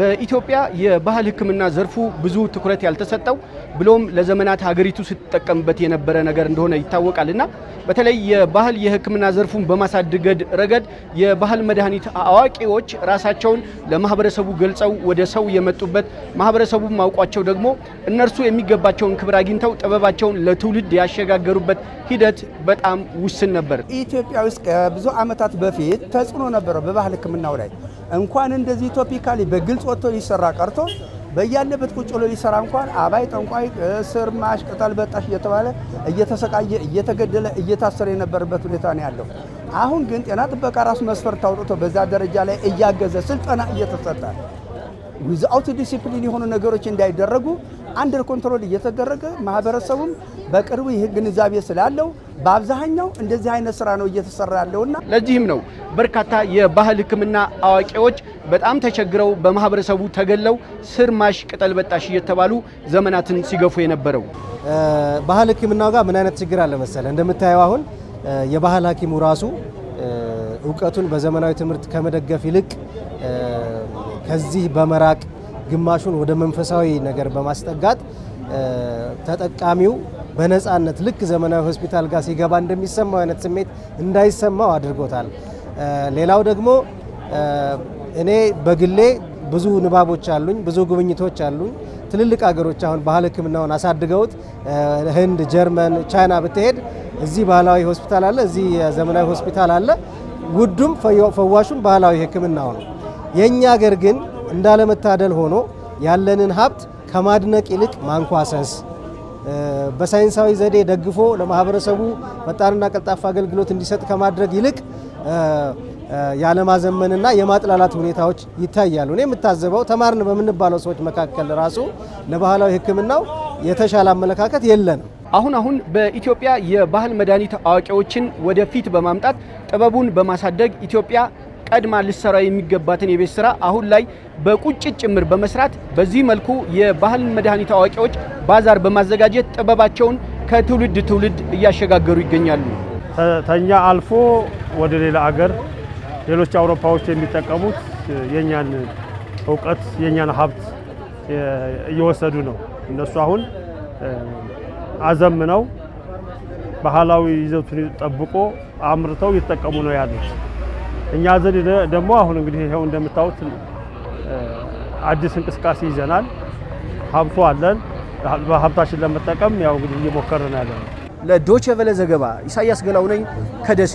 በኢትዮጵያ የባህል ሕክምና ዘርፉ ብዙ ትኩረት ያልተሰጠው ብሎም ለዘመናት ሀገሪቱ ስትጠቀምበት የነበረ ነገር እንደሆነ ይታወቃል በተለይ የባህል የሕክምና ዘርፉን በማሳደግ ረገድ የባህል መድኃኒት አዋቂዎች ራሳቸውን ለማህበረሰቡ ገልጸው ወደ ሰው የመጡበት ማህበረሰቡ ማውቋቸው ደግሞ እነርሱ የሚገባቸውን ክብር አግኝተው ጥበባቸውን ለትውልድ ያሸጋገሩበት ሂደት በጣም ውስን ነበር። ኢትዮጵያ ውስጥ ከብዙ ዓመታት በፊት ተጽዕኖ ነበረው በባህል ሕክምናው ላይ እንኳን እንደዚህ ቶፒካሊ በግልጽ ወጥቶ ሊሰራ ቀርቶ በያለበት ቁጭ ብሎ ሊሰራ እንኳን አባይ፣ ጠንቋይ፣ ስር ማሽ፣ ቅጠል በጣሽ እየተባለ እየተሰቃየ እየተገደለ እየታሰረ የነበረበት ሁኔታ ነው ያለው። አሁን ግን ጤና ጥበቃ ራሱ መስፈርት አውጥቶ በዛ ደረጃ ላይ እያገዘ ስልጠና እየተሰጠ ዊዝአውት ዲሲፕሊን የሆኑ ነገሮች እንዳይደረጉ አንደር ኮንትሮል እየተደረገ ማህበረሰቡም በቅርቡ ይህ ግንዛቤ ስላለው በአብዛኛው እንደዚህ አይነት ስራ ነው እየተሰራ ያለውና ለዚህም ነው በርካታ የባህል ሕክምና አዋቂዎች በጣም ተቸግረው በማህበረሰቡ ተገለው ስር ማሽ ቅጠል በጣሽ እየተባሉ ዘመናትን ሲገፉ የነበረው። ባህል ሕክምናው ጋር ምን አይነት ችግር አለ መሰለ? እንደምታየው አሁን የባህል ሐኪሙ ራሱ እውቀቱን በዘመናዊ ትምህርት ከመደገፍ ይልቅ ከዚህ በመራቅ ግማሹን ወደ መንፈሳዊ ነገር በማስጠጋት ተጠቃሚው በነፃነት ልክ ዘመናዊ ሆስፒታል ጋር ሲገባ እንደሚሰማው አይነት ስሜት እንዳይሰማው አድርጎታል። ሌላው ደግሞ እኔ በግሌ ብዙ ንባቦች አሉኝ፣ ብዙ ጉብኝቶች አሉኝ። ትልልቅ ሀገሮች አሁን ባህል ሕክምናውን አሳድገውት ህንድ፣ ጀርመን፣ ቻይና ብትሄድ እዚህ ባህላዊ ሆስፒታል አለ፣ እዚህ ዘመናዊ ሆስፒታል አለ። ውዱም ፈዋሹም ባህላዊ ሕክምናው ነው። የእኛ ሀገር ግን እንዳለመታደል ሆኖ ያለንን ሀብት ከማድነቅ ይልቅ ማንኳሰስ በሳይንሳዊ ዘዴ ደግፎ ለማህበረሰቡ ፈጣንና ቀልጣፋ አገልግሎት እንዲሰጥ ከማድረግ ይልቅ ያለማዘመንና የማጥላላት ሁኔታዎች ይታያሉ። እኔ የምታዘበው ተማርን በምንባለው ሰዎች መካከል ራሱ ለባህላዊ ሕክምናው የተሻለ አመለካከት የለንም። አሁን አሁን በኢትዮጵያ የባህል መድኃኒት አዋቂዎችን ወደፊት በማምጣት ጥበቡን በማሳደግ ኢትዮጵያ ቀድማ ልሰራ የሚገባትን የቤት ስራ አሁን ላይ በቁጭት ጭምር በመስራት በዚህ መልኩ የባህል መድኃኒት አዋቂዎች ባዛር በማዘጋጀት ጥበባቸውን ከትውልድ ትውልድ እያሸጋገሩ ይገኛሉ። ተኛ አልፎ ወደ ሌላ አገር ሌሎች አውሮፓዎች የሚጠቀሙት የእኛን እውቀት የእኛን ሀብት እየወሰዱ ነው። እነሱ አሁን አዘምነው ባህላዊ ይዘቱን ጠብቆ አምርተው እየተጠቀሙ ነው ያሉት። እኛ ዘንድ ደግሞ አሁን እንግዲህ ይኸው እንደምታዩት አዲስ እንቅስቃሴ ይዘናል። ሀብቱ አለን። ሀብታችን ለመጠቀም ያው እንግዲህ እየሞከርን ያለ ነው። ለዶቼ ቬለ ዘገባ ኢሳያስ ገላው ነኝ ከደሴ